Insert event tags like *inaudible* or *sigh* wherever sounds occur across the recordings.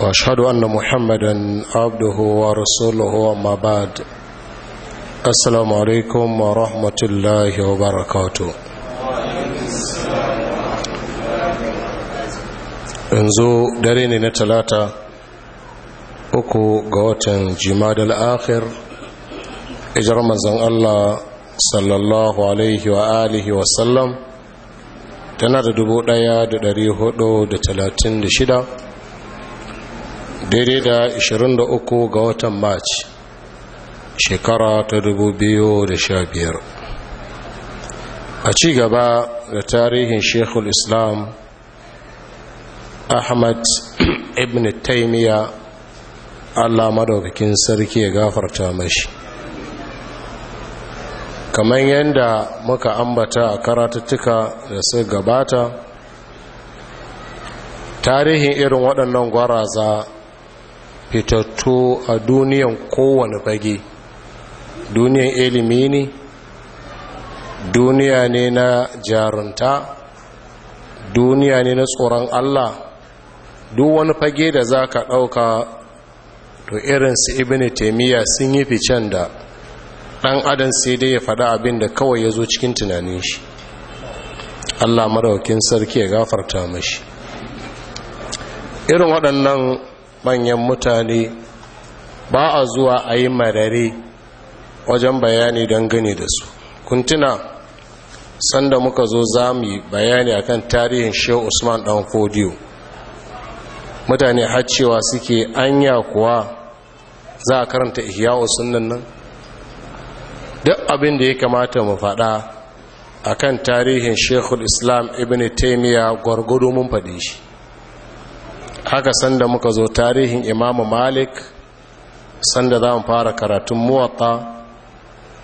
واشهد ان محمدا عبده ورسوله اما بعد السلام عليكم ورحمه الله وبركاته yanzu dare ne na talata uku ga watan jimadal akhir ijar manzan allah sallallahu alaihi wa alihi wa sallam tana da dubu ɗaya da dari hudu da talatin da shida daidai da 23 ga watan march shekara ta 2015 a ci gaba da tarihin shekul islam ahmad *clears throat* ibn taimiyya allah madaukakin sarki ya gafarta mashi kamar yadda muka ambata a karatattuka da su gabata tarihin irin waɗannan gwaraza fitattu a duniyan kowane fage duniyan ilimi ne duniya ne na jarunta duniya ne na tsoron allah duk wani fage da za ka ɗauka to irinsu ibn taimiyya sun yi ficen da ɗan adam sai dai ya faɗa abin da kawai ya zo cikin tunanin shi allah maraukin sarki ya gafarta mashi irin waɗannan manyan mutane ba a zuwa a yi marare wajen bayani gani da su kuntuna sanda muka zo za mu yi bayani akan tarihin shehu usman dan fodiyo mutane haccewa suke anya kuwa za a karanta ihya'u sunnan nan duk abin da ya kamata mu faɗa akan tarihin shekul islam ibn taimiyya gwargwado mun faɗe shi haka sanda muka zo tarihin imamu malik sanda za mu fara karatun muwatta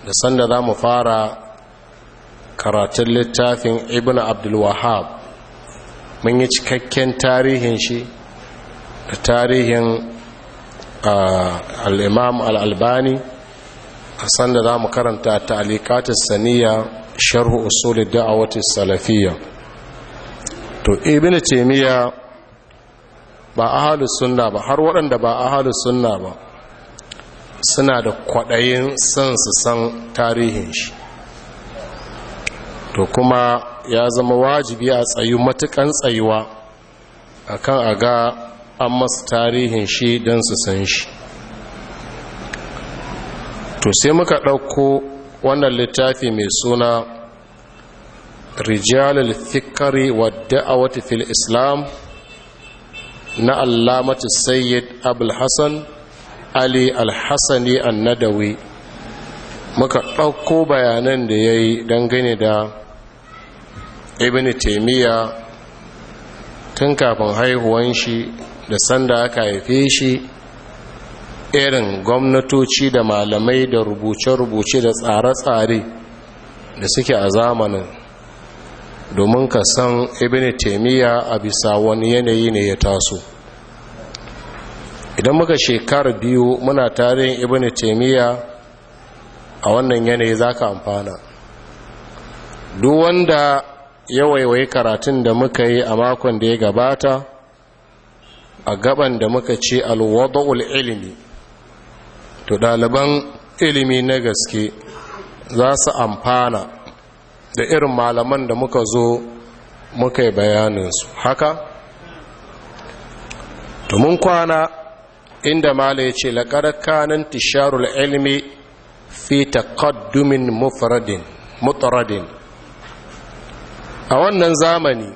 da sanda za mu fara karatun littafin ibn abdulwahab mun yi cikakken tarihin shi da tarihin ah, al'imam al'albani a sanda za mu karanta ta'alikatun saniya sharhu usulid da'awatis salafiyya to ibn taimiyya ba ahalus sunna ba har waɗanda ba ahalus sunna ba suna da kwaɗayin son su san tarihin shi to kuma ya zama wajibi a tsayu matukan tsayuwa akan a ga an masu tarihin shi don su san shi to sai muka ɗauko wannan littafi mai suna rijalul fikari wadda a wata fil islam na allamatu sayyid abulhassan ali alhassani annadawi muka ɗauko bayanan da ya yi dangane da ibn taimiyya tun kafin haihuwan shi da sanda aka haife shi irin gwamnatoci da malamai da rubuce-rubuce da tsare-tsare da suke a zamanin domin ka san ibn taimiyya a bisa wani yanayi ne ya taso idan muka shekaru biyu muna tarihin ibn taimiyya a wannan yanayi za ka amfana duk wanda ya waiwaye karatun da muka yi a makon da ya gabata a gaban da muka ce alwada'ul ilimi to ɗaliban ilimi na gaske za su amfana da irin malaman da muka zo muka bayanin su haka mun kwana inda mala ya ce laƙarƙanin tisharul ilmi fi taqaddumin mufradin mutaradin a wannan zamani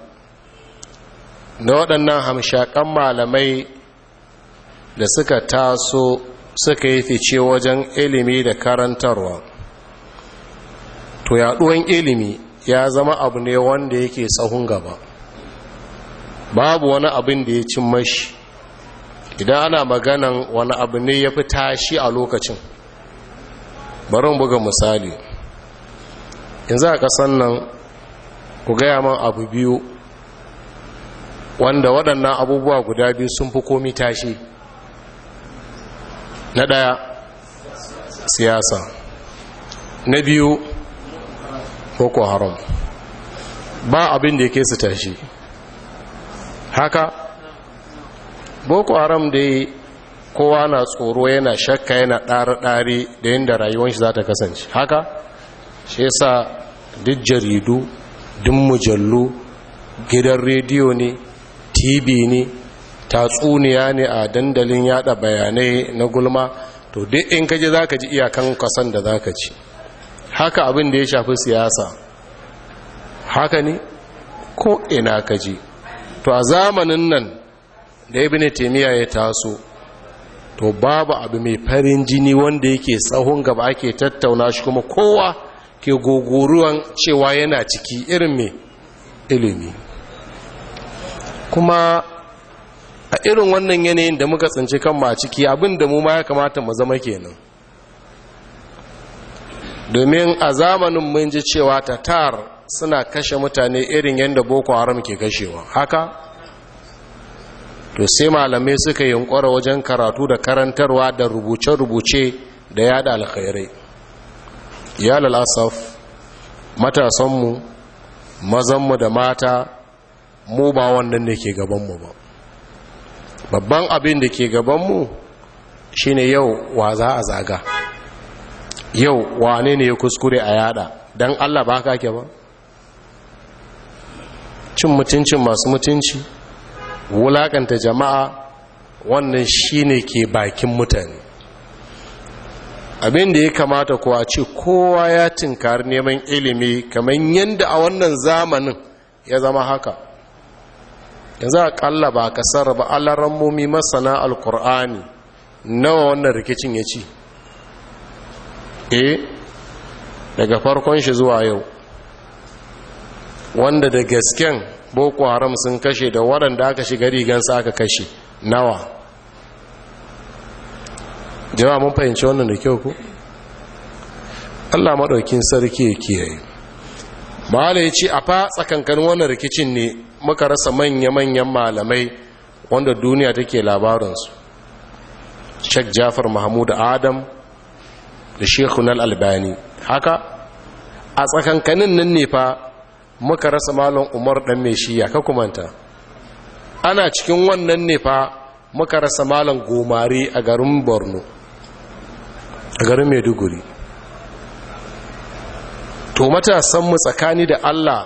da waɗannan hamshaƙan malamai da suka taso suka yi fice wajen ilimi da karantarwa to yaɗuwan ilimi ya zama abu ne wanda yake tsahon gaba babu wani abin da ya cin mashi idan ana maganan wani abu ne ya fi tashi a lokacin barin buga misali yanzu a ƙasan nan ku gaya man abu biyu wanda waɗannan abubuwa guda biyu sun fi komi tashi na ɗaya siyasa na biyu boko haram ba abin da yake su tashi haka boko haram dai kowa na tsoro yana shakka yana ɗari-ɗari da yadda rayuwanshi za ta kasance haka shi yasa duk jaridu duk mujallu gidan rediyo ne tv ne tatsuniya ne a dandalin yada bayanai na gulma to duk in kaji za ka ji iyakan kasan da za ka ci haka abin da ya shafi siyasa haka ne ko ina kaji to a zamanin nan da ne taymiya ya taso to babu abu mai farin jini wanda yake tsahon gaba ake tattauna shi kuma kowa ke gogoruwan cewa yana ciki irin mai ilimi kuma a irin wannan yanayin da muka tsinci kan ma ciki abin da mu ma ya kamata mu zama kenan domin a zamanin mun ji cewa tatar suna kashe mutane irin yadda boko haram ke kashewa haka to sai malamai suka yi yunkura wajen karatu da karantarwa da rubuce-rubuce da yada alkhairai ya lalasaf matasanmu mazanmu da mata mu ba wannan da ke gabanmu ba babban abin da ke gabanmu shine yau wa za a zaga yau wane ne ya kuskure a yada don allah ba ka ke ba cin mutuncin masu mutunci wulaƙanta jama'a wannan shine ke bakin mutane abin da ya kamata kuwa ce kowa ya tinkar neman ilimi kamar yadda a wannan zamanin ya zama haka za a kalla ba kasar ba alarammomi masana alkur'ani nawa wannan rikicin ya ci eh daga farkon shi zuwa yau wanda da gasken boko haram sun kashe da waɗanda aka shiga sa aka kashe nawa Jam'a mun fahimci wannan da kyau ku allah maɗaukin sarki ya kiyaye mahala ya ce a fa tsakankan wannan rikicin ne muka rasa manya-manyan malamai wanda duniya take labarinsu shek jafar mahmud adam da shekun albani haka a tsakankanin nan ne fa muka rasa malon umar dan mai shiya ka kumanta ana cikin wannan ne fa muka rasa malon gomari a garin borno a garin maiduguri to matasanmu tsakani da allah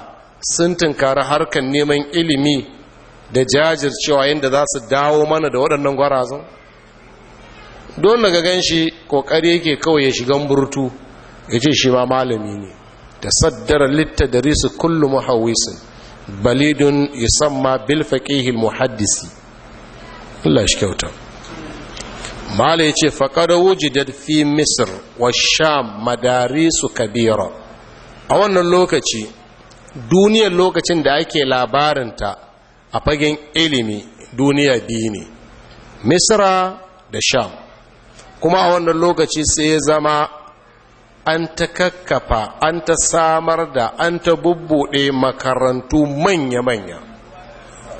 sun tunkari harkar neman ilimi da jajircewa yadda za su dawo mana da waɗannan gwarazon don daga gan shi kokari yake kawai ya shiga burtu ya ce shi ma malami ne da saddara litta da risu kullu muhawisin balidun isamma bil faqihil muhaddisi Allah shi kyauta mala yace faqad wujidat fi misr wa sham madarisu kabira a wannan lokaci duniyar lokacin da ake labarinta a fagen ilimi duniya biyu ne misra da sham kuma a wannan lokaci sai ya zama an ta kakkafa an ta samar da an ta bubbuɗe makarantu manya-manya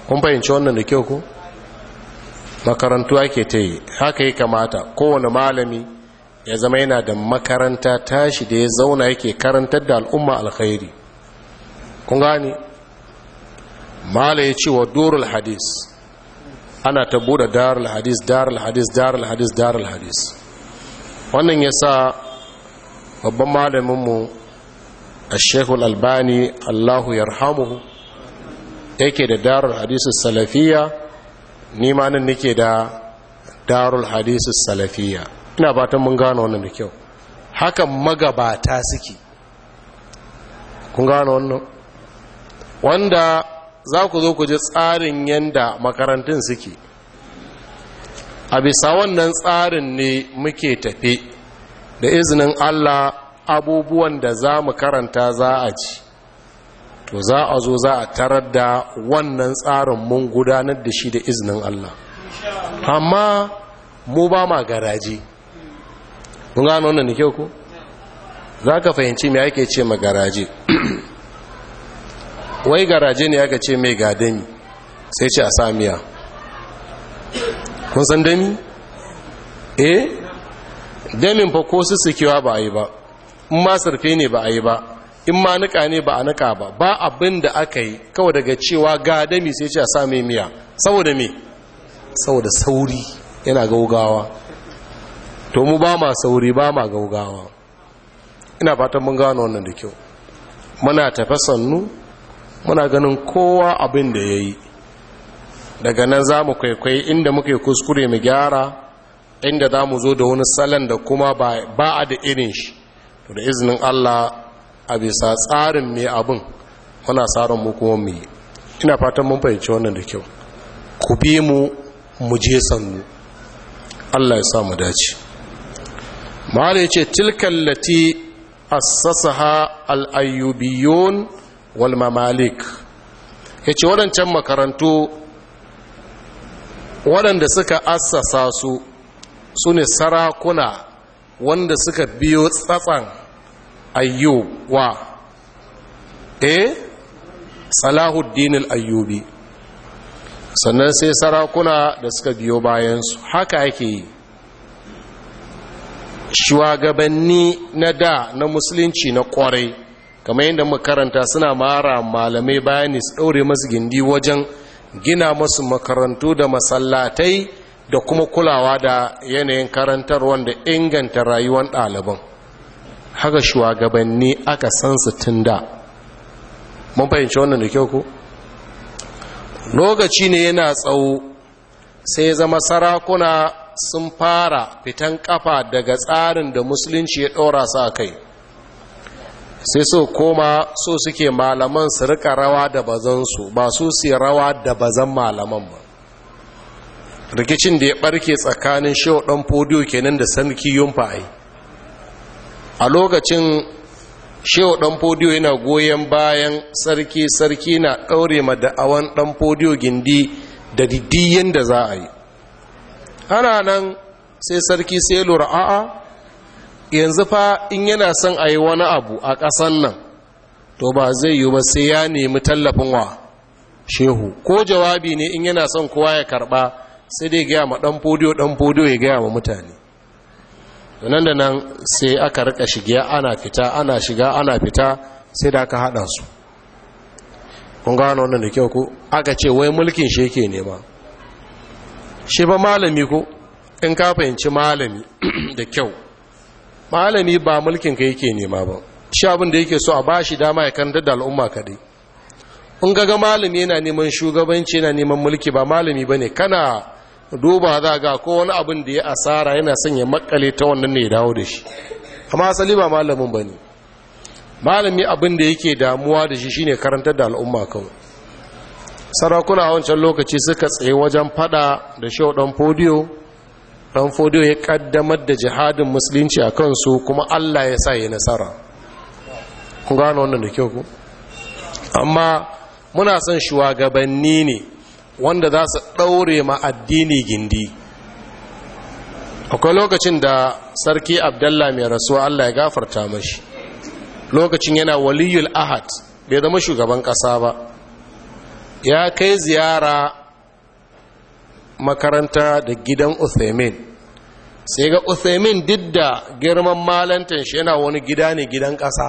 kun fahimci wannan da kyau ku? makarantu ake ta yi haka yi kamata kowane malami ya zama yana da makaranta tashi da ya zauna yake karantar da al'umma alkhairi kun gani mala ya ce wa durul hadis ana ta buɗe darul hadis darul hadis darul hadis darul hadis wannan yasa babban malaminmu a shekul albani allahu yarhamuhu yake da darul alhadis salafiya ni ma nan nake da darul alhadis salafiyya ina fatan mun gano wannan da kyau hakan magabata suke kun gano wannan wanda za ku zo ku ji tsarin yanda makarantun suke a bisa wannan tsarin ne muke tafe da izinin allah abubuwan da za mu karanta za a ci to za a zo za a tarar da wannan tsarin mun gudanar da shi da izinin allah amma mu ba ma garaji mun gano wannan da kyau ku za ka fahimci mai ake ce ma garaji *clears throat* wai garaje ne aka ce mai ga sai ce a samiya kun san dami eh damin fa ko su sukewa ba a yi ba in ma surfe ne ba a yi ba in ma nika ne ba a nika ba ba abin da aka yi kawai daga cewa gadami sai ce a sami miya saboda me saboda sauri yana gaugawa to mu ba ma sauri ba ma gaugawa ina fatan mun gano wannan da kyau muna tafasannu muna ganin kowa abin da ya yi daga nan za mu kwaikwai inda muke kuskure mu gyara inda za mu zo da wani salon da kuma ba a da irin shi to da izinin allah a bisa tsarin mai abin muna tsarin mu kuma mu yi ina fatan mun fahimci wannan da kyau ku bi mu mu je sannu allah ya sa mu dace ma'ala ya ce tilkallati assasaha al'ayyubiyon wal mamalik ya ce waɗancan makarantu waɗanda suka assasa su su ne sarakuna wanda suka biyo tsatsan ayyuwa? wa e eh? salahuddinin ayyubi. sannan sai sarakuna da suka biyo bayansu haka ake yi shugabanni na da na musulunci na kwarai kamar yadda makaranta suna mara malamai bayani su ɗaure masu gindi wajen gina masu makarantu da masallatai da kuma kulawa da yanayin karantarwar da inganta rayuwar ɗaliban haka shugabanni aka san su tun da mun fahimci wannan da kyau ko lokaci ne yana tsawo sai zama sarakuna sun fara fitan kafa daga tsarin da musulunci ya ɗora a kai sai so koma so suke malaman su rika rawa da bazansu ba su su rawa da bazan malaman ba rikicin da ya barke tsakanin shehu ɗan fodiyo kenan da sarki yunfa a lokacin shi ɗan fodiyo yana goyon bayan sarki sarki na ɗaure ma da'awan ɗan fodiyo gindi da diddiyin da za a yi ana nan sai sarki sai lura a'a yanzu fa in yana son a yi wani abu a ƙasan nan to ba zai yi ba sai ya nemi tallafin wa shehu ko jawabi ne in yana son kowa ya karba sai dai gaya ma ɗan fodiyo ɗan fodiyo ya gaya ma mutane nan da nan sai aka rika shiga ana fita ana shiga ana fita sai da aka haɗa su kun gano wannan da kyau ko aka ce wai mulkin shi yake nema shi ba malami ko in ka fahimci malami *clears throat* da kyau malami ba mulkin ka yake nema ba shi abin da yake so a bashi dama ya kandar da al'umma kadai in ga malami yana neman shugabanci yana neman mulki ba malami bane kana duba za ga ko wani abin da ya asara yana son ya makale ta wannan ne ya dawo da shi amma asali ba malamin bane malami abin da yake damuwa da shi shine karantar da al'umma kawai sarakuna a wancan lokaci suka tsaye wajen fada da shaudan fodiyo ɗan fodiyo ya ƙaddamar da jihadin musulunci a kansu kuma allah ya sa ya nasara kun gano wannan da kyau ku amma muna son shugabanni ne wanda za su ɗaure ma addini gindi akwai lokacin da sarki abdallah mai rasuwa allah ya gafarta mashi lokacin yana waliyul ahad bai zama shugaban ƙasa ba ya kai ziyara makaranta da gidan uthaymin sai ga uthaymin duk da girman malantan shi yana wani gida ne gidan ƙasa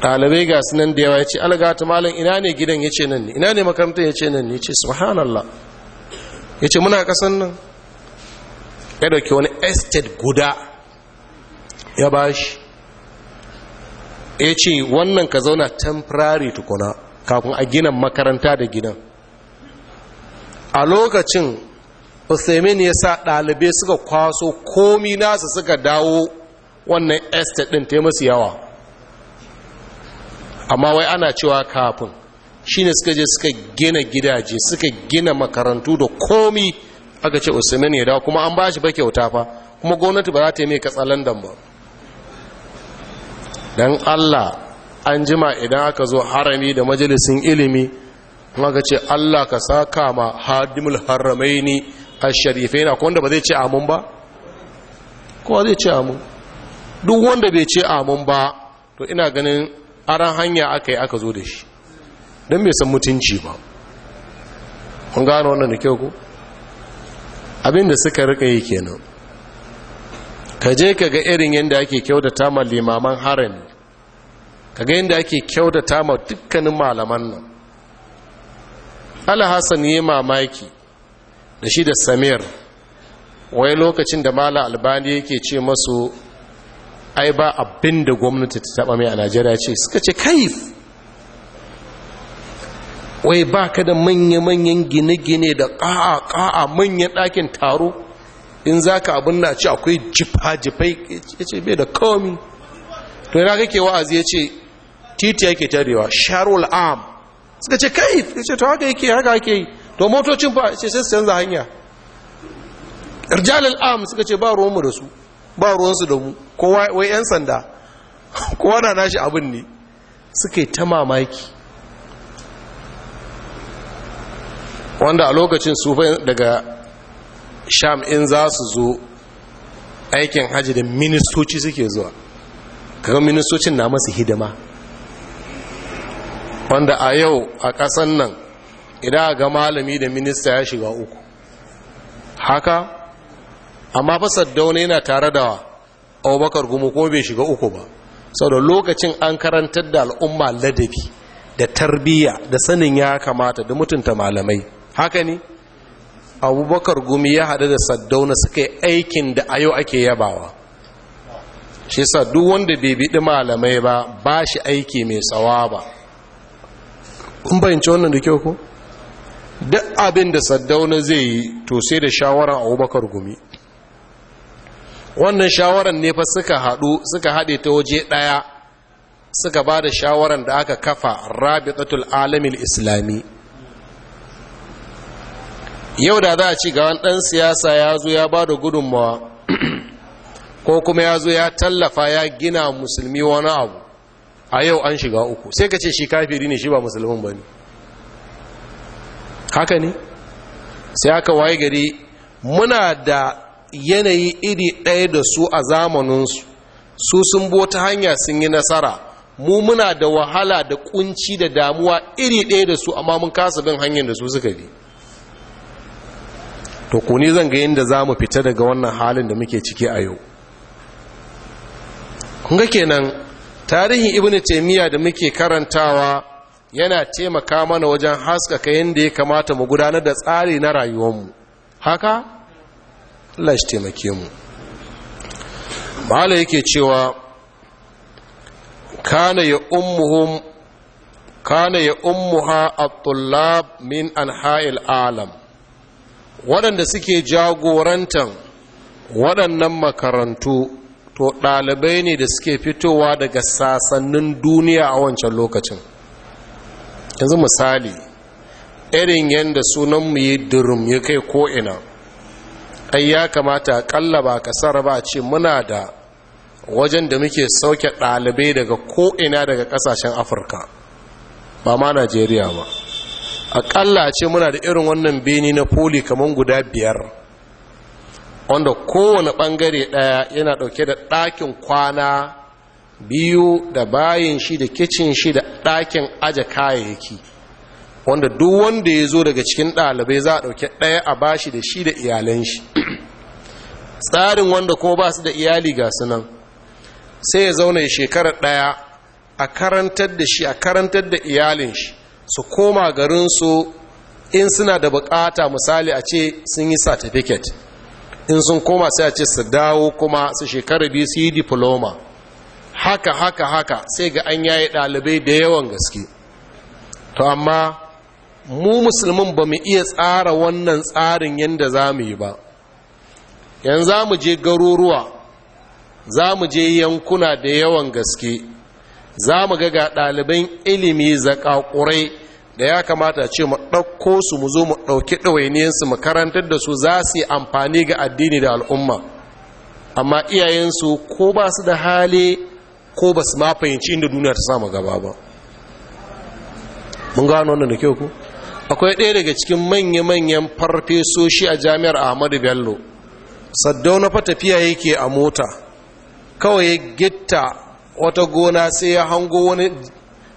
ɗalibai ga su nan da yawa ya ce algata malam ina ne gidan ya ce nan ne ina ne makaranta ya ce nan ne ya ce subhanallah ya ce muna ƙasan nan ya ɗauki wani estate guda ya ba shi ya ce wannan ka zauna temporary tukuna kafin a gina makaranta da gidan a lokacin usaimin ya sa ɗalibai suka kwaso komi nasa suka dawo wannan estate ɗin ta masu yawa amma wai ana cewa kafin shine suka je suka gina gidaje suka gina makarantu da komi aka ce usaimin ya dawo kuma an ba shi ba kyauta fa kuma gwamnati ba za ta yi mai katsalandan ba don allah an jima idan aka zo harami da majalisin ilimi kuma ka ce Allah ka saka ma hadimul haramaini asharifai na wanda ba zai ce amun ba kowa zai ce amun? duk wanda bai ce amun ba to ina ganin aran hanya aka yi aka zo da shi don bai san mutunci ba kun gano wannan da kyau ku abinda suka rika yi kenan ka je ka ga irin yadda ake kyautata ma limaman harami ka ga yadda ake kyautata ma dukkanin malaman nan alhassan ya mamaki da shi da samir wai lokacin da mala albani yake ce masu ai ba abin da gwamnati ta taba mai a najeriya ce suka ce kaif wai ba ka da manya-manyan gine-gine da ƙa'a-ƙa'a manyan ɗakin taro in za ka abin na ce akwai jifa-jifai ya ce bai da komi to yana kake wa'azi ya ce titi yake tarewa sharul am suka ce kai ya ce to haka yake haka yake to motocin ba ce sai canza hanya irjalal am suka ce ba ruwanmu da su ba ruwansu da mu kowa wai yan sanda *laughs* kowa na nashi abin ne suka yi ta mamaki wanda a lokacin sufa daga sham in za su zo aikin hajji da ministoci suke zuwa kaga ministocin na masu hidima wanda a yau a ƙasan nan idan a ga malami da minista ya shiga uku haka amma fa saddauna yana tare da abubakar gumu ko bai shiga uku ba sau da lokacin an karantar da al'umma ladabi da tarbiyya da sanin ya kamata da mutunta malamai haka ne abubakar gumi ya haɗu da saddauna suka yi aikin da a yau ake yabawa shi sa duk wanda bai biɗi malamai ba ba shi aiki mai tsawa ba kun bayanci wannan da kyau ko duk abin da saddauna zai yi to sai da shawara abubakar gumi wannan shawaran ne fa suka haɗu suka haɗe ta waje ɗaya suka ba da shawaran da aka kafa rabitatul alamil islami yau da za a ci gawan ɗan siyasa ya zo ya ba da gudunmawa ko kuma ya zo ya tallafa ya gina musulmi wani abu a yau an shiga uku sai ka ce shi kafiri ne shi ba musulmin ba ne haka ne sai aka waye gari muna da yanayi iri ɗaya da su a zamaninsu su sun bota hanya sun yi nasara mu muna da wahala da kunci da damuwa iri ɗaya da su amma mun kasa bin hanyar da su suka bi to ku zan ga yadda za mu fita daga wannan halin da muke ciki a yau kunga kenan tarihin ibn taimiyya da muke karantawa yana taimaka mana wajen haskaka yadda ya kamata mu gudanar da tsari na rayuwanmu haka Allah shi taimake mu ma'ala yake cewa kana ya ummuhum kana ya ummuha abdullab min anha'il alam waɗanda suke jagorantan waɗannan makarantu to ɗalibai ne da suke fitowa daga sasannin duniya a wancan lokacin yanzu misali irin yadda sunanmu yi durum ya kai ko'ina ai ya kamata kalla ba kasar ba ce muna da wajen da muke sauke ɗalibai daga ko'ina daga ƙasashen afirka ba ma najeriya ba akalla ce muna da irin wannan beni na poli kamar guda biyar wanda kowane bangare ɗaya yana ɗauke da ɗakin kwana biyu da bayin shi da kicin shi da ɗakin aje kayayyaki wanda duk wanda ya zo daga cikin ɗalibai za a ɗauke ɗaya a bashi da shi da iyalan shi tsarin wanda ko ba su da iyali ga su nan sai ya zauna ya shekara ɗaya a karantar da shi a karantar da iyalin shi su koma garinsu in suna da bukata misali a ce sun yi satifiket. in sun koma sai a ce su dawo kuma su shekara biyu su yi diploma haka haka haka sai ga an yaye ɗalibai da yawan gaske to amma mu musulmin ba mu iya tsara wannan tsarin yadda za mu yi ba yanzu za mu je garuruwa za mu je yankuna da yawan gaske za mu ga ɗaliban ilimi zaƙaƙurai. da ya kamata ce mu ɗauko su mu zo mu ɗauki ɗawainiyarsu mu karantar da su za su yi amfani ga addini da al'umma amma iyayensu ko ba su da hali ko ba su ma inda duniya ta samu gaba ba mun gano wannan da kyau ku akwai ɗaya daga cikin manya-manyan farfesoshi a jami'ar ahmadu bello saddau na tafiya yake a mota kawai ya gitta wata gona sai ya hango wani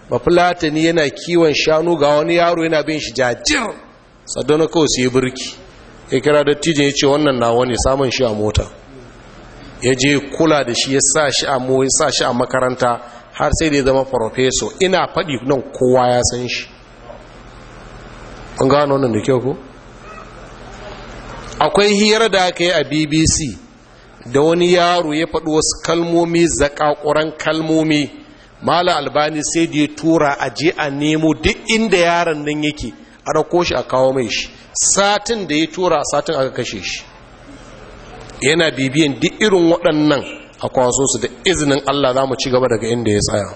ba yana kiwon shanu ga wani yaro yana bin shi jajir sadana kawai yi birki ya kira dattijin ya ce wannan na wani samun shi a mota ya je kula da shi ya sa shi a mo ya sa shi a makaranta har sai da ya zama farfeso ina faɗi nan kowa ya san shi an gano wannan da kyau ko akwai hira da aka yi a bbc da wani yaro ya faɗi wasu kalmomi zakakuran kalmomi mala albani sai da ya tura a je a nemo duk inda yaron nan yake a ɗauko shi a kawo mai shi satin da ya tura a satin aka kashe shi yana bibiyan duk irin waɗannan a kwaso su da izinin allah za mu ci gaba daga inda ya tsaya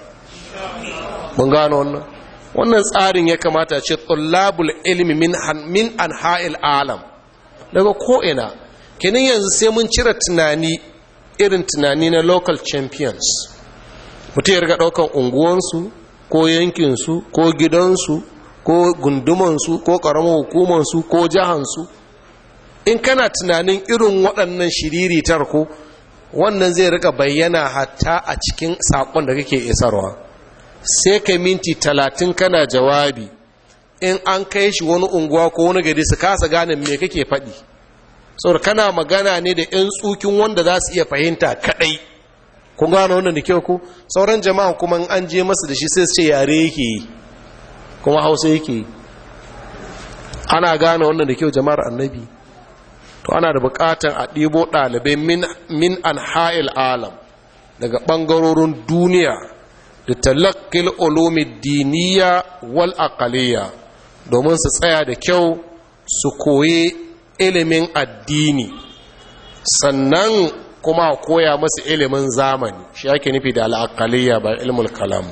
mun gano wannan wannan tsarin ya kamata ce tsallabul ilmi min an ha'il alam daga ko'ina kenan yanzu sai mun cire tunani irin tunani na local champions mutum ya riga ɗaukan unguwansu ko yankinsu ko gidansu ko gundumansu ko ƙaramin hukumansu ko jihansu in kana tunanin irin waɗannan shiriritar wannan zai rika bayyana hatta a cikin saƙon da kake isarwa sai ka minti talatin kana jawabi in an kai shi wani unguwa ko wani gari su kasa ganin me kake faɗi saboda kana magana ne da 'yan tsukin wanda za su iya fahimta kaɗai kun gano wannan da kyau ku sauran jama'a kuma an je masa da shi sai su ce yare yake yi kuma hausa yake yi ana gane wannan da kyau jama'ar annabi to ana da bukatan a ɗibo ɗalibai min an ha'il alam daga ɓangarorin duniya da talakil olomi diniya wal aqaliya domin su tsaya da kyau su koye ilimin addini sannan kuma a koya masu ilimin zamani shi ake nufi da al'akaliya ba ilmul kalam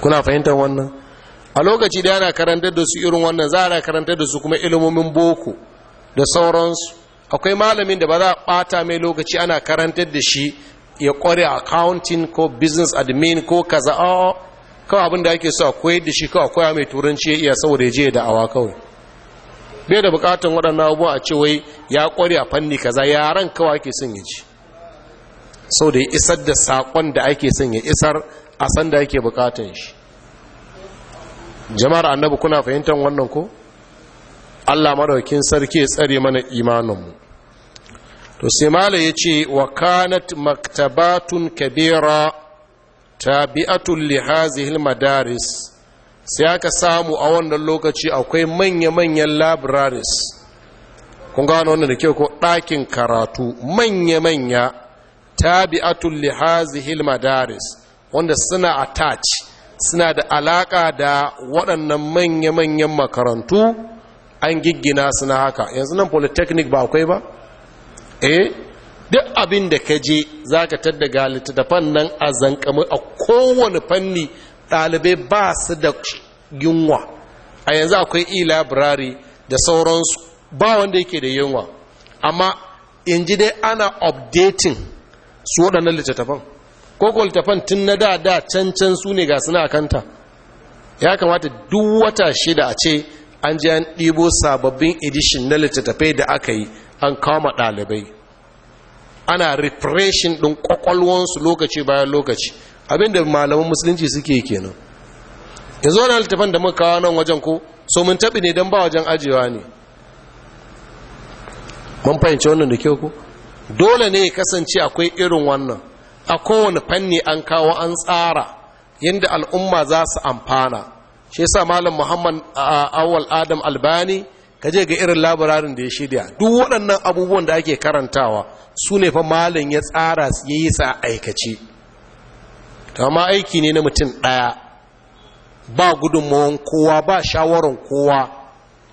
kuna fahimtar wannan a lokaci da ana karantar da su irin wannan za a karantar da su kuma ilimomin boko da sauransu akwai malamin da ba za a bata mai lokaci ana karantar da shi ya kware accounting ko business admin ko kaza a kawai abin ake so a koyar da shi kawai koya mai turanci ya iya saboda ya je da awa kawai bai da bukatan waɗannan abubuwa a ce wai ya kware a fanni kaza yaran kawai ake son ya sau da ya isar da sakon da ake son ya isar a san da ake bukatan shi jama'ar annabi kuna fahimtar wannan ko Allah maraukin sarki ya tsare mana imaninmu to sai mala ya ce wa kanat maktabatun kabira tabi'atun Lihazi hazihil madaris sai aka samu a wannan lokaci akwai manya-manyan labraries kun gano wannan da kyau ko ɗakin karatu manya-manya tabi'atul li hazihil madaris wanda suna attach suna da alaka da waɗannan manya-manyan makarantu an giggina suna haka yanzu nan polytechnic ba akwai ba eh duk abin da ka je za ka taddaga da nan a zankamu a kowane fanni ɗalibai ba su da yunwa a yanzu akwai e-library da sauransu ba wanda yake da yunwa amma in ji dai ana updating su waɗannan littattafan koko littattafan tun na da da can su ne ga suna kanta ya kamata duk wata shida a ce an ji an ɗibo sababbin edishin na littattafai da aka yi an kama ɗalibai ana refreshing ɗin ƙwaƙwalwansu lokaci bayan lokaci abinda malaman musulunci suke kenan yanzu wani littattafan da muka kawo nan wajen ko so mun taɓi ne don ba wajen ajiyewa ne mun fahimci wannan da kyau ku dole ne ya kasance akwai irin wannan a kowane fanni an kawo an tsara yadda al'umma za su amfana shi yasa malam muhammad awal adam albani ka je ga irin labararin da ya shirya duk waɗannan abubuwan da ake karantawa su ne fa malam ya tsara ya yi sa aikace amma aiki ne na mutum ɗaya ba gudunmawan kowa ba shawarar kowa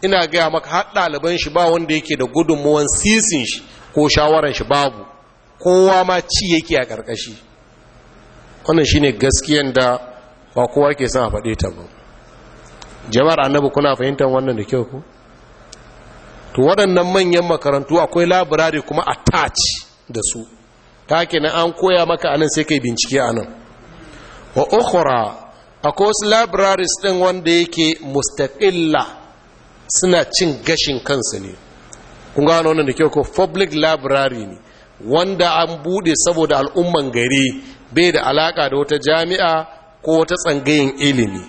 ina gaya maka har ɗaliban shi ba wanda yake da gudunmuwan sisin shi ko shawaran shi babu kowa ma ci yake a ƙarƙashi wannan shi ne gaskiyan da ba kowa ke son a faɗe ta ba jama'ar annabi kuna fahimtar wannan da kyau ku to waɗannan manyan makarantu akwai labirari kuma a attach da su ta na an koya maka anan sai kai bincike anan wa ukhura akwai wasu labiraris ɗin wanda yake mustaqilla suna cin gashin kansu ne kun gano wannan da kyau ko public library ne wanda an bude saboda al'umman gari bai da alaka da wata jami'a ko wata tsangayin ilimi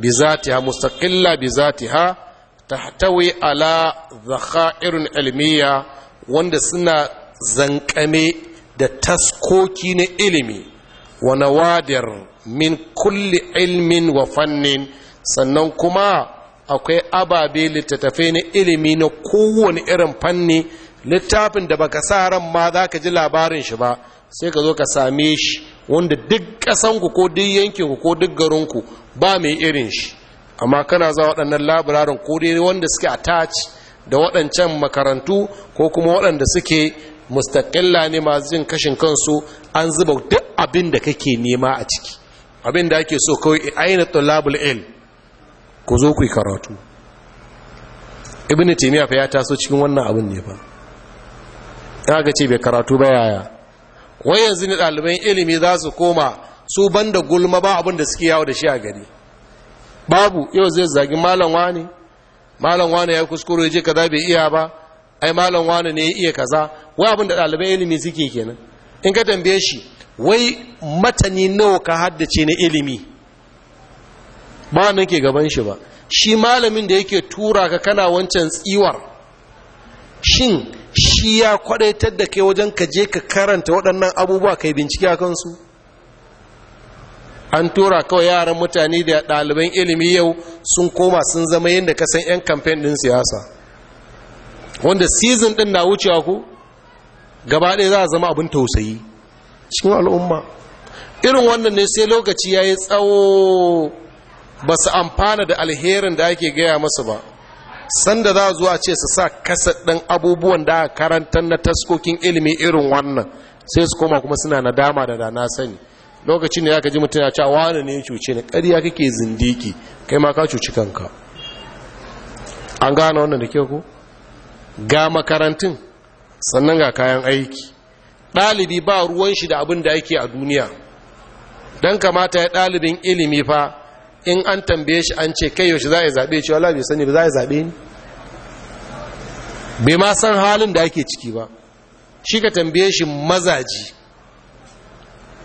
bi zatiha mustaqilla bi zatiha tahtawi ala zakha'irun ilmiya wanda suna zankame da taskoki na ilimi wa nawadir min kulli ilmin wa fannin sannan kuma akwai ababe littattafai na ilimi na kowane irin fanni littafin da baka sa ran ma za ka ji labarin shi ba sai ka zo ka same shi wanda duk ƙasanku ko duk yankinku ko duk garinku ba mai irin shi amma kana za waɗannan labararin ko dai wanda suke attach da waɗancan makarantu ko kuma waɗanda suke mustaƙilla ne masu jin kashin kansu an zuba duk abin da kake nema a ciki abin da ake so kawai aina tulabul ilm ku zo ku yi karatu ibn taymiya fa ya taso cikin wannan abin ne fa kaga ce bai karatu ba yaya wai yanzu ne ɗaliban ilimi za su koma su banda gulma ba abin da suke yawo da shi a gari babu yau zai zagi malam wani malam wani ya kuskure je kaza bai iya ba ai malam wani ne ya iya kaza wai abin da ɗaliban ilimi suke kenan in ka tambaye shi wai matani nawa ka haddace na ilimi ba nan ke gaban shi ba shi malamin da yake tura ka kana wancan tsiwar shin shi ya kwadaitar da kai wajen ka je ka karanta waɗannan abubuwa kai bincike a kansu an tura kawai yaran mutane da ɗaliban ilimi yau sun koma sun zama yadda ka san 'yan kamfen ɗin siyasa wanda season ɗin na wucewa ku gaba ɗaya za a zama abin tausayi cikin al'umma irin wannan ne sai lokaci ya yi tsawo ba su amfana da alherin da ake gaya masu ba sanda za zuwa ce su sa kasar abubuwan da karantar na taskokin ilimi irin wannan sai su koma kuma suna na dama da dana sani lokacin da ya kaji mutum ya ce wani ne cuce ni ƙarya kake zindiki kai ma ka cuci kanka an gane wannan da ke ku ga makarantun sannan ga kayan aiki ɗalibi ba ruwan shi da abin da ake a duniya don kamata ya ɗalibin ilimi fa in an tambaye shi an ce kai yaushe za a yi zaɓe cewa wala bai sani ba za a yi zaɓe ni bai ma san halin da ake ciki ba shi ka tambaye shi mazaji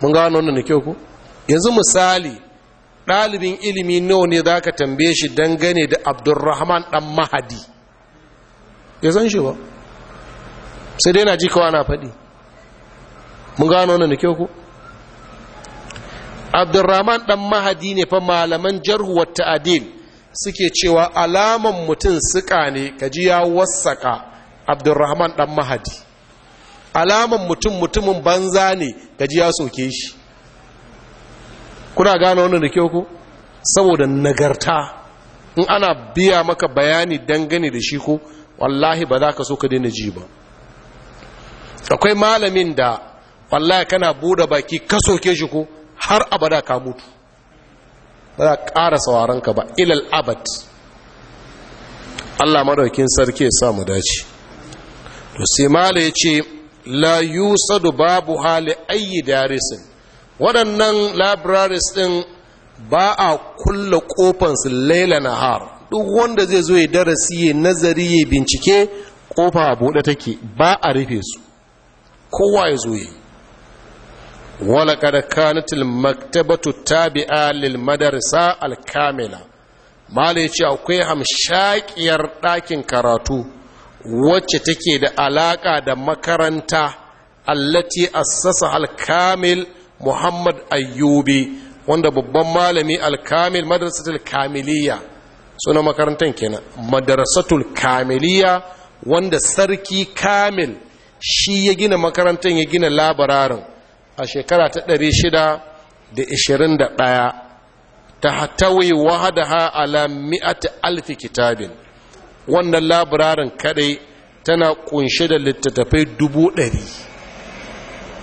mun gano wannan da kyau ku yanzu misali ɗalibin ilimi nawa ne za ka tambaye shi dangane da abdurrahman ɗan mahadi ya san shi ba sai dai na ji kawana na faɗi mun gano wannan da kyau ku abdurrahman dan mahadi ne fa malaman jarhu wa ta'dil suke cewa alaman mutum suka ne kaji ya wassaka abdurrahman dan mahadi alaman mutum mutumin banza ne kaji ya soke shi kuna gane wannan da kyau ko saboda nagarta in ana biya maka bayani dangane da shi ko wallahi ba za ka so ka daina ji ba akwai malamin da wallahi kana bude baki ka soke shi ko har abada ka mutu ba za ƙara ka ba ilal abad Allah madaukin sarki ya sa mu dace to sai mala ya ce la yusadu babu hali ayi darisin waɗannan libraries ɗin ba a kulla kofansu laila har duk wanda zai zo ya darasi ya nazari ya bincike kofa a buɗe take ba a rufe su kowa ya zo yi ولقد كانت المكتبة التابعة للمدرسة الكاملة ما ليش أوكي akwai شاك ɗakin karatu. wacce take da alaƙa da makaranta allati assasa kamil muhammad ayyubi wanda babban malami alkamil madrasatul kamiliya suna makarantar kenan madrasatul kamiliya wanda sarki kamil shi ya gina makarantar ya gina labararin a shekara ta ɗari shida da ishirin da ɗaya ta hatawi wahadaha ala mi'ati alfi kitabin wannan labirarin kaɗai tana ƙunshe da littattafai dubu ɗari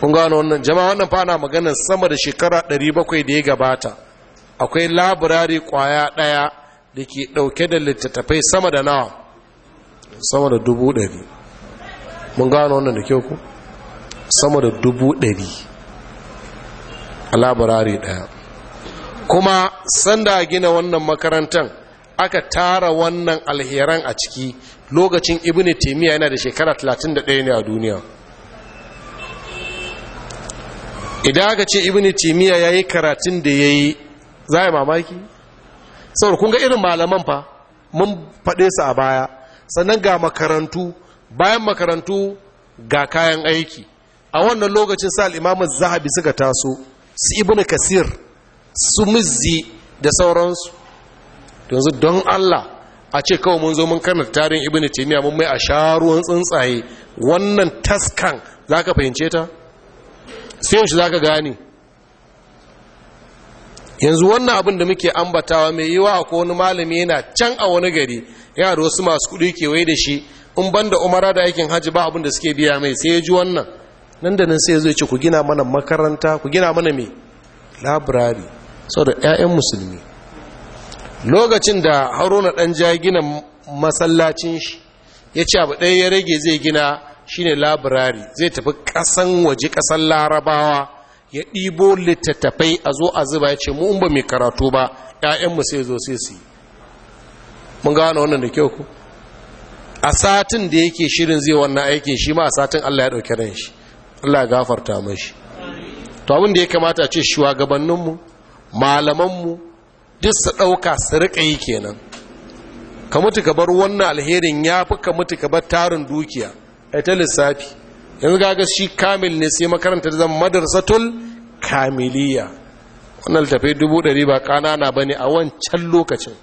kun gano wannan jama'a wannan fana maganar sama da shekara ɗari bakwai da ya gabata akwai labirari ƙwaya ɗaya da ke ɗauke da littattafai sama da nawa sama da dubu ɗari mun gano wannan da kyau ku sama da dubu ɗari a labarari ɗaya kuma sanda gina wannan makarantar aka tara wannan alheran a ciki lokacin ibn taimiyya yana da shekara 31 ne a duniya idan aka ce ibn taimiyya ya yi karatun da ya yi za a yi mamaki saboda kun irin malaman fa mun faɗe su a baya sannan ga makarantu bayan makarantu ga kayan aiki a wannan lokacin sa al'imamun zahabi suka taso su Ibnu kasir su mizzi da sauransu yanzu don allah a ce kawai mun zo mun kanar tarin Ibnu taimiyya mun mai a sha ruwan tsuntsaye wannan taskan za ka fahimce ta sai yaushe za ka gane yanzu wannan abin da muke ambatawa mai yiwa ko wani malami yana can a wani gari yana da wasu masu kuɗi wai da shi in ban da umara da aikin hajji ba abin da suke biya mai sai ya ji wannan nan da nan sai zai ce ku gina mana makaranta ku gina mana me labirari saboda 'ya'yan musulmi lokacin da haruna ɗan ja gina masallacin shi ya ce abu ɗaya ya rage zai gina shine labirari zai tafi ƙasan waje ƙasan larabawa ya ɗibo littattafai a zo a zuba ya ce mu ba mai karatu ba mu sai zo sai su yi mun gano wannan da kyau ku a satin da yake shirin zai wannan aikin shi ma a satin allah ya ɗauke ran shi Allah gafarta mashi to abin da ya kamata ce shugabanninmu malamanmu duk su ɗauka su riƙa yi kenan ka mutu ka bar wannan alherin ya fi ka mutu ka bar tarin dukiya a ta lissafi yanzu gaga shi kamil ne sai makaranta da zan madarsatul kamiliya wannan tafi dubu ɗari ba ƙanana ba ne a wancan lokacin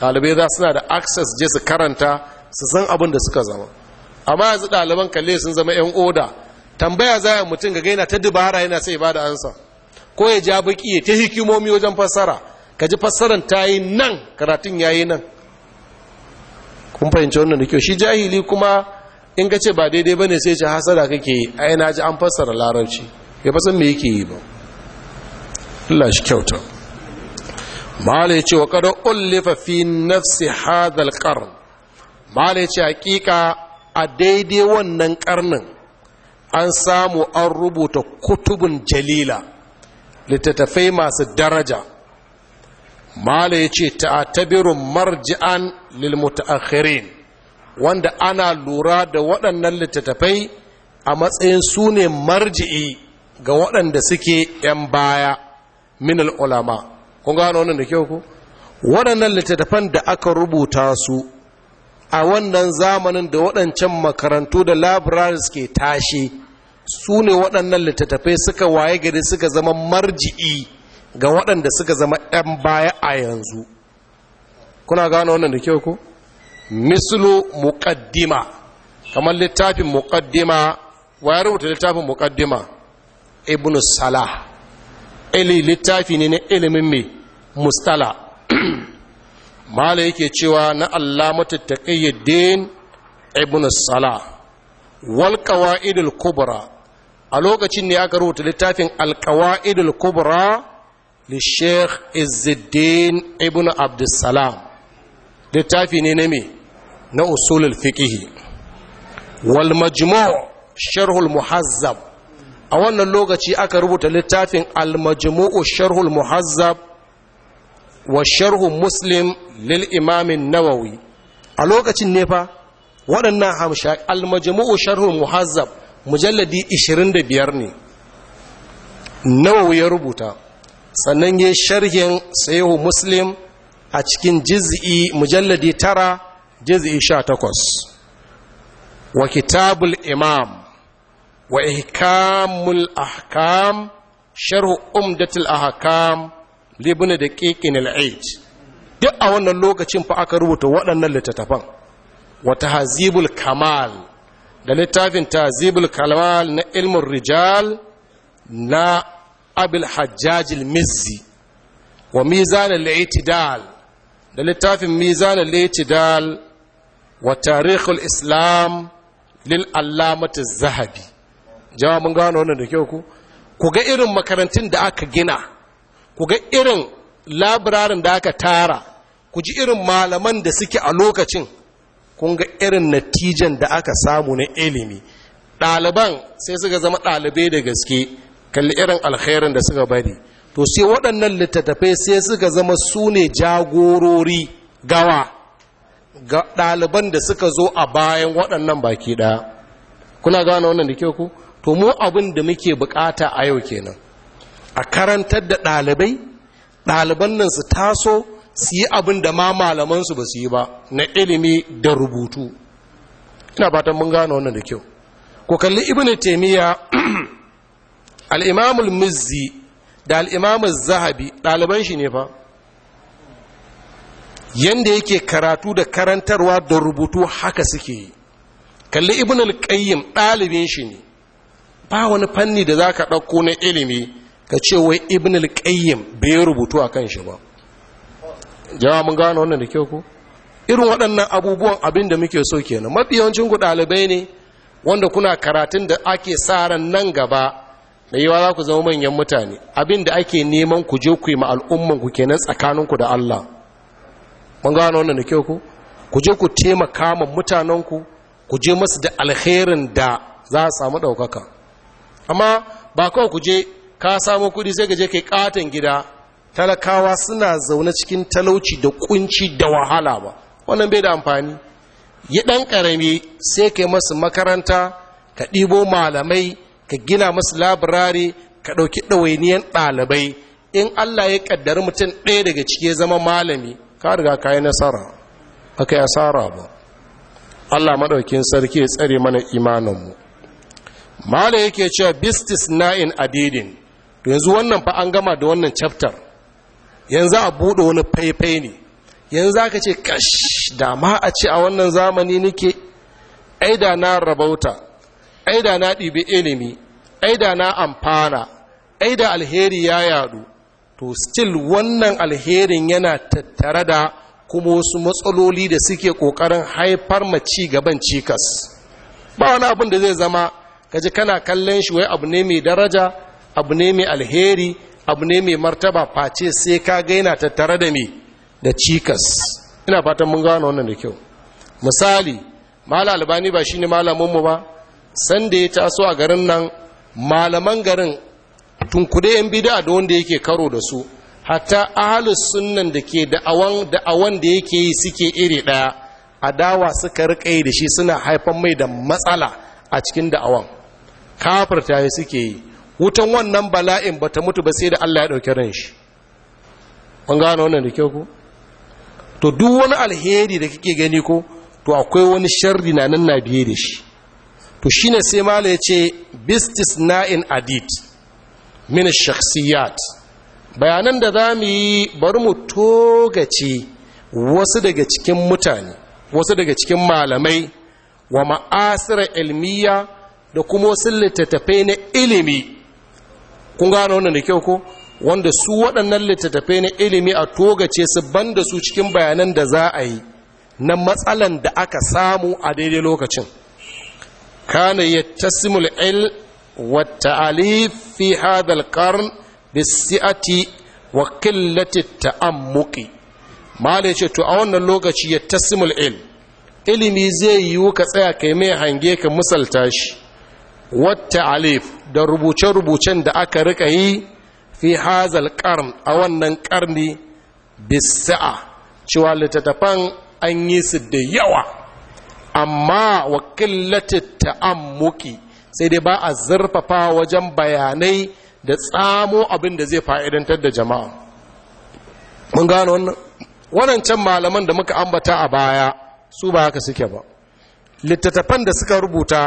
ɗalibai za suna da access je su karanta su san abin da suka zama amma yanzu ɗaliban kalle sun zama 'yan oda tambaya za a mutum ga gaina ta dubara yana sai ba da ansa ko ya ja baki ta hikimomi wajen fassara ka ji fassaran ta yi nan karatun ya yi nan kun fahimci wannan da kyau shi jahili kuma in ka ce ba daidai ba ne sai ce hasara kake yi a yana ji an fassara larabci ya fasan me yake yi ba Allah shi kyauta mala ya ce wa kada ullifa fi nafsi hadal qarn mala ya ce hakika a daidai wannan karnin an samu an rubuta kutubun jalila littattafai masu daraja mala ya ce ta'atabirun marji'an lilmutaakhirin wanda ana lura da waɗannan littattafai a matsayin su ne marji'i ga waɗanda suke 'yan baya min ulama kun gano wannan da kyau ku waɗannan littattafan da aka rubuta su a wannan zamanin da waɗancan makarantu da labirare ke tashe. su ne waɗannan littattafai suka waye gari suka zama marji'i ga waɗanda suka zama 'yan baya a yanzu kuna gano wannan da kyau ku? mislu muqaddima kamar littafin muqaddima ya rubuta littafin muqaddima Ibn salah ili littafi ne na ilimin mai mustala *clears throat* mala yake cewa na allamatu taqiyyuddin Ibn salah wal qawaidul kubra a lokacin ne aka rubuta littafin alkawa'idul kubra li sheikh izzuddin ibn abdussalam littafi ne na me na usulul fiqhi wal majmu' sharhul muhazzab a wannan lokaci aka rubuta littafin al majmu'u sharhul muhazzab wa sharhu muslim lil imamin nawawi a lokacin ne fa waɗannan hamsha al majmu'u sharhul muhazzab mujalladi 25 ne Nawa ya rubuta sannan ya sharhin sayahu muslim a cikin jiz'i mujalladi 9 jiz'i 18 wa kitabul imam wa ihkamul ahkam sharhu umdatul ahkam libun da qiqin al-aid duk a wannan lokacin fa aka rubuta waɗannan littattafan wa tahzibul kamal da littafin tazibul kalmal na ilmin rijal na abil hajjajil mizzi wa mizanin laitidal da littafin mizanin laitidal wa tarihul islam lil allamati zahabi jama mun gano wannan da kyau ku ku ga irin makarantun da aka gina ku ga irin labirarin da aka tara ku ji irin malaman da suke a lokacin kun ga irin natijan da aka samu na ilimi ɗaliban sai suka zama ɗalibai da gaske kalli irin alkhairin da suka bari to sai waɗannan littattafai sai suka zama su ne jagorori gawa ga ɗaliban da suka zo a bayan waɗannan baki ɗaya kuna gane wannan da ku to mu abin da muke bukata a yau kenan a karantar da ɗalibai ɗaliban nan su taso su yi abin da ma malamansu ba su yi ba na ilimi da rubutu ina fatan mun gano wannan da kyau Ko kalli ibn al-imam *clears throat* al'imamul mizzi da al'imamul zahabi ɗaliban shi ne fa yanda yake karatu da karantarwa da rubutu haka suke yi kalli ibn al-qayyim ɗalibin shi ne ba wani fanni da za ka ɗauko na ilimi ka ce wai ibn al-qayyim bai rubutu a kan shi ba jawa mun gano wannan da kyau ko irin waɗannan abubuwan abin da muke so kenan mafi yawancin ku ɗalibai ne wanda kuna karatun da ake sa ran nan gaba da yawa za ku zama manyan mutane abin da ake neman ku je ku yi ma al'umman ku kenan tsakanin ku da Allah mun gano wannan da kyau ku ku je ku taimaka ma mutanen ku ku je masu da alherin da za a samu ɗaukaka amma ba kawai ku je ka samu kuɗi sai ka je kai katon gida talakawa suna zaune cikin talauci da kunci da wahala ba wannan bai da amfani yi ɗan ƙarami sai kai masu makaranta ka ɗibo malamai ka gina masu labirare ka ɗauki ɗawainiyar ɗalibai in allah ya ƙaddari mutum ɗaya daga ciki zama malami ka riga ka yi nasara aka yi asara ba allah maɗaukin sarki ya tsare mana imaninmu malam yake cewa bistis na'in adidin to yanzu wannan fa an gama da wannan chapter yanzu a bude wani faifai ne yanzu aka ce kash da ma a ce a wannan zamani nake aida na rabauta aida na ɗibi ilimi aida na amfana aida alheri ya yadu to still wannan alherin yana tattare da kuma wasu matsaloli da suke ƙoƙarin haifar ma ci gaban cikas ba wani abin da zai zama kaji kana kallon shi wai abu ne mai daraja abu ne mai alheri abu ne mai martaba face sai ka ga yana tattare da me da cikas ina fatan mun gano wannan da kyau misali mala albani ba shine malamin mu ba sanda ya taso a garin nan malaman garin tunkude yan bid'a da wanda yake karo da su hatta ahlus sunnan da ke da'awan da yake yi suke iri daya adawa suka rike da shi suna haifan mai da matsala a cikin da'awan kafirta yi suke yi wutan wannan bala'in ba ta mutu ba sai da Allah ya ɗauki ran shi kun gane wannan da kyau ko to duk wani alheri da kike gani ko to akwai wani sharri na nan na biye da shi to shine sai mala ya ce bistisna'in adid min shakhsiyat bayanan da za mu yi bari mu togace wasu daga cikin mutane wasu daga cikin malamai wa ma'asirar ilmiya da kuma wasu littattafai na ilimi kun gano wannan da kyau ko wanda su waɗannan littattafai na ilimi a togace su banda su cikin bayanan da za a yi na matsalan da aka samu a daidai lokacin kana tasimul il wa ta'ali fi hadha al-qarn bisi'ati wa qillati ta'ammuqi mala yace to a wannan lokaci tasimul il ilimi zai yiwu ka tsaya kai mai hange ka musalta shi wata alif da rubuce-rubucen da aka rika yi fi hazal karn a wannan karni bisa'a cewa littattafan an yi su da yawa amma wa ta'am muki sai dai ba a zurfafa wajen bayanai da tsamo abin da zai fa'idantar da jama'a mun gano wannan wadancan malaman da muka ambata a baya su ba haka suke ba littattafan da suka rubuta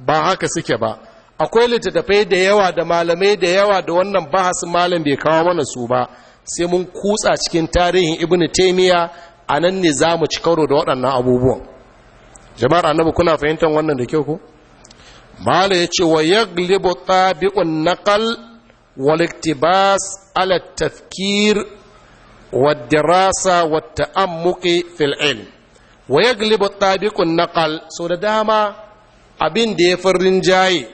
ba haka suke ba akwai littattafai da yawa da malamai da yawa da wannan bahasin malam bai kawo mana su ba sai mun kutsa cikin tarihin Ibn taymiya a nan ne za mu ci karo da waɗannan abubuwan jama'ar annabi kuna fahimtar wannan da kyau ko mala ya ce wa yaglibu tabi'un naqal wal iktibas ala tafkir wa dirasa wa ta'ammuqi fil ilm wa yaglibu tabi'un naqal so da dama abin da ya farin jaye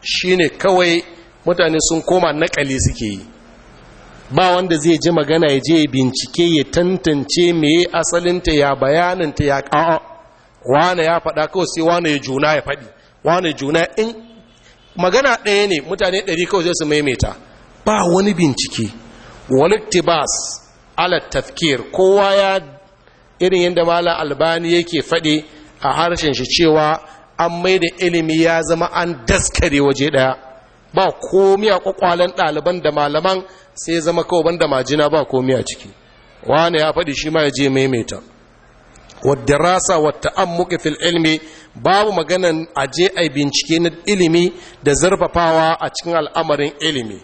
shine kawai mutane sun koma nakali suke yi ba wanda zai ji magana ya je bincike ya tantance meye asalinta ya bayaninta ya ƙa'a wane ya faɗa kawai sai wane ya juna ya faɗi wane juna in magana ɗaya ne mutane ɗari kawai zai su maimaita ba wani bincike Tibas ala tafkir kowa ya irin yadda malam albani yake faɗi a harshen shi cewa an mai da ilimi ya zama an daskare waje ɗaya ba komiya a kwakwalen ɗaliban da malaman sai zama zama kawai banda majina ba komiya a ciki wani ya faɗi shi ma ya je maimaita wadda rasa wata an muke fil ilimi babu maganan je a bincike na ilimi da zarfafawa a cikin al'amarin ilimi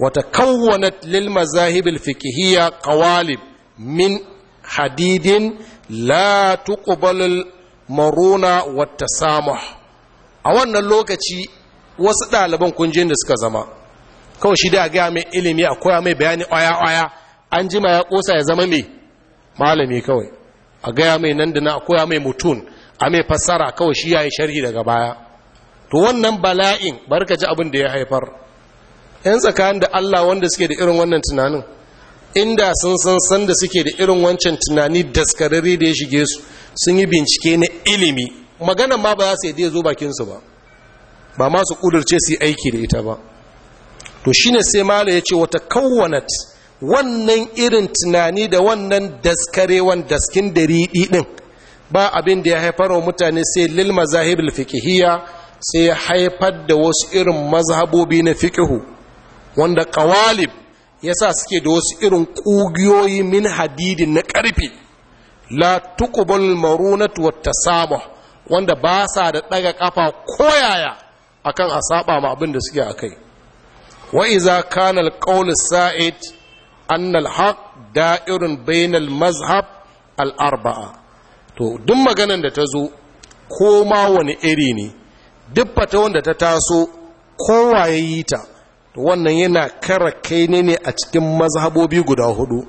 wata kawwanat lil mazahibil fikihiyya qawalib min hadidin la tuqbalul maruna wata sama a wannan lokaci wasu ɗaliban kunjin da suka zama kawai shi da gaya mai ilimi a koya mai bayani oya-oya an jima ya ƙosa ya zama mai malami kawai a gaya mai nan da na koya mai mutum a mai fassara kawai shi ya yi sharhi daga baya to wannan bala'in barka ji abin da ya haifar yan tsakanin da allah wanda suke da irin wannan tunanin inda sun san sanda suke da irin wancan tunani daskarare da ya shige su sun yi bincike na ilimi magana ma ba za su yi zo bakinsu ba ba masu kudurce su yi aiki da ita ba to shine sai mala ya ce wata kawwanat wannan irin tunani da wannan daskarewan daskin da riɗi ɗin ba abin da ya haifar wa mutane sai lil mazahibul fiqhiyya sai ya haifar da wasu irin mazhabobi na fikihu wanda qawalib Ya sa suke da wasu irin ƙugiyoyi min hadidin na ƙarfe la tuqbal marunatu wata saba. wanda ba sa da ɗaga ƙafa koyaya akan a saba ma abin da suke akai wa iza kana al sa'id an alhaq haq da'irun bainal mazhab alarba'a to duk maganan da ta zo ko ma wani iri ne duk wanda ta taso kowa ya yi ta wannan yana kara kai ne ne a cikin mazhabobi guda hudu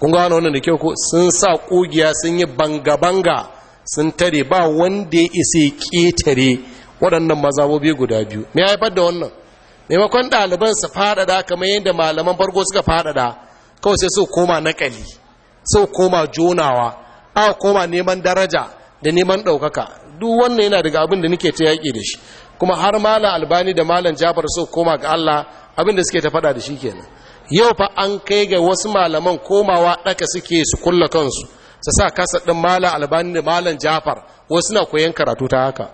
kun gano wannan da kyau ko sun sa kugiya sun yi banga-banga sun tare ba wanda ya isa ya ƙetare waɗannan mazhabobi guda biyu me ya haifar da wannan maimakon ɗaliban su faɗaɗa kamar yadda malaman farko suka faɗaɗa kawai sai su koma naƙali su koma jonawa a koma neman daraja da neman ɗaukaka duk wannan yana daga abin da nake ta yaƙi da shi kuma har malam albani da malam Jafar so koma ga Allah abin da suke ta faɗa da shi kenan yau fa an kai ga wasu malaman komawa ɗaka suke su kulla kansu su sa kasa din malam albani da malam jafar wasu na koyan karatu ta haka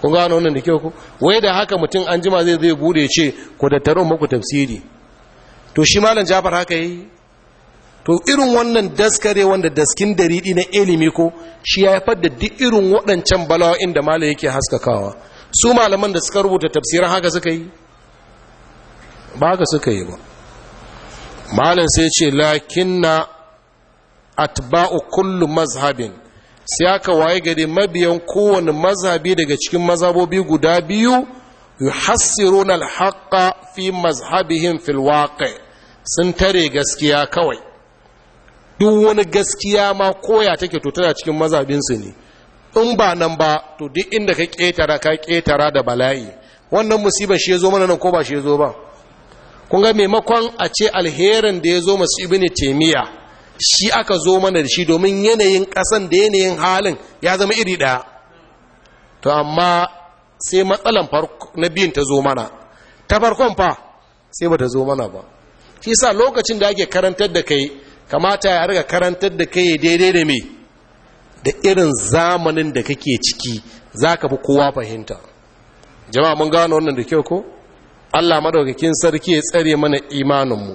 kun gano wannan da kyau ku wai da haka mutum anjima zai zai bude ce ku da muku tafsiri to shi malam jafar haka yi to irin wannan daskare wanda daskin dariɗi na ilimi ko shi ya haifar da duk irin waɗancan bala'o'in da mala yake haskakawa su malaman da suka rubuta tafsirin haka suka yi ba haka suka yi ba malam sai ce lakinna atba'u kullu mazhabin sai aka waye gari mabiyan kowane mazhabi daga cikin mazhabobi guda biyu yuhassiruna alhaqqa fi mazhabihim fil waqi' sun tare gaskiya kawai duk wani gaskiya ma koya take to tana cikin mazabinsu ne in ba nan ba to duk inda ka ƙetara ka ƙetara da bala'i wannan musibar shi ya zo mana nan ko ba shi ya zo ba kun ga maimakon a ce alherin da ya zo masu ibini shi aka zo mana da shi domin yanayin ƙasan da yanayin halin ya zama iri ɗaya to amma sai matsalan na biyun ta zo mana ta farkon fa sai ba ta zo mana ba shi sa lokacin da ake karantar da kai kamata ya riga karantar da kai daidai da mai, da irin zamanin da kake ciki za ka fi kowa fahimta jama'a mun gano wannan da kyau ko allah madaukakin sarki ya tsare mana imaninmu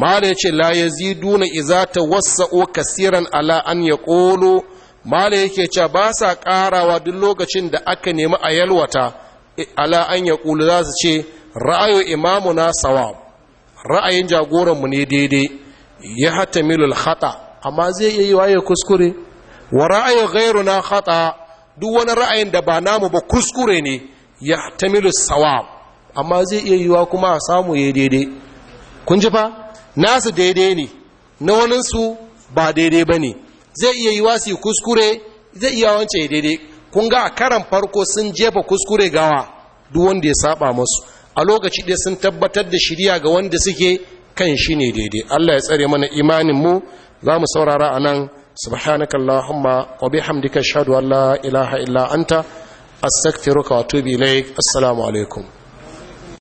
mala ya ce la ya duna iza ta kasiran ala an ya mala yake cewa ba sa ƙarawa duk lokacin da aka nemi a yalwata ala an ya za su ce ra'ayo imamuna sawab ra'ayin jagoranmu ne daidai ya hata milul hata amma zai iya yi waye kuskure wa ra'ayin gairu na hata duk wani ra'ayin da ba namu ba kuskure ne ya hata milul sawab amma zai iya yiwa kuma a samu ya daidai kun ji fa nasu daidai ne na wani su ba daidai ba ne zai iya yiwa su kuskure zai iya wance ya daidai kun ga a karan farko sun jefa kuskure gawa duk wanda ya saba masu a lokaci ɗaya sun tabbatar da shirya ga wanda suke kan shi ne daidai Allah ya tsare mana imanin mu za mu saurara a nan subhanakallahumma wa bihamdika ashhadu an la ilaha illa anta astaghfiruka wa atubu ilaik assalamu alaikum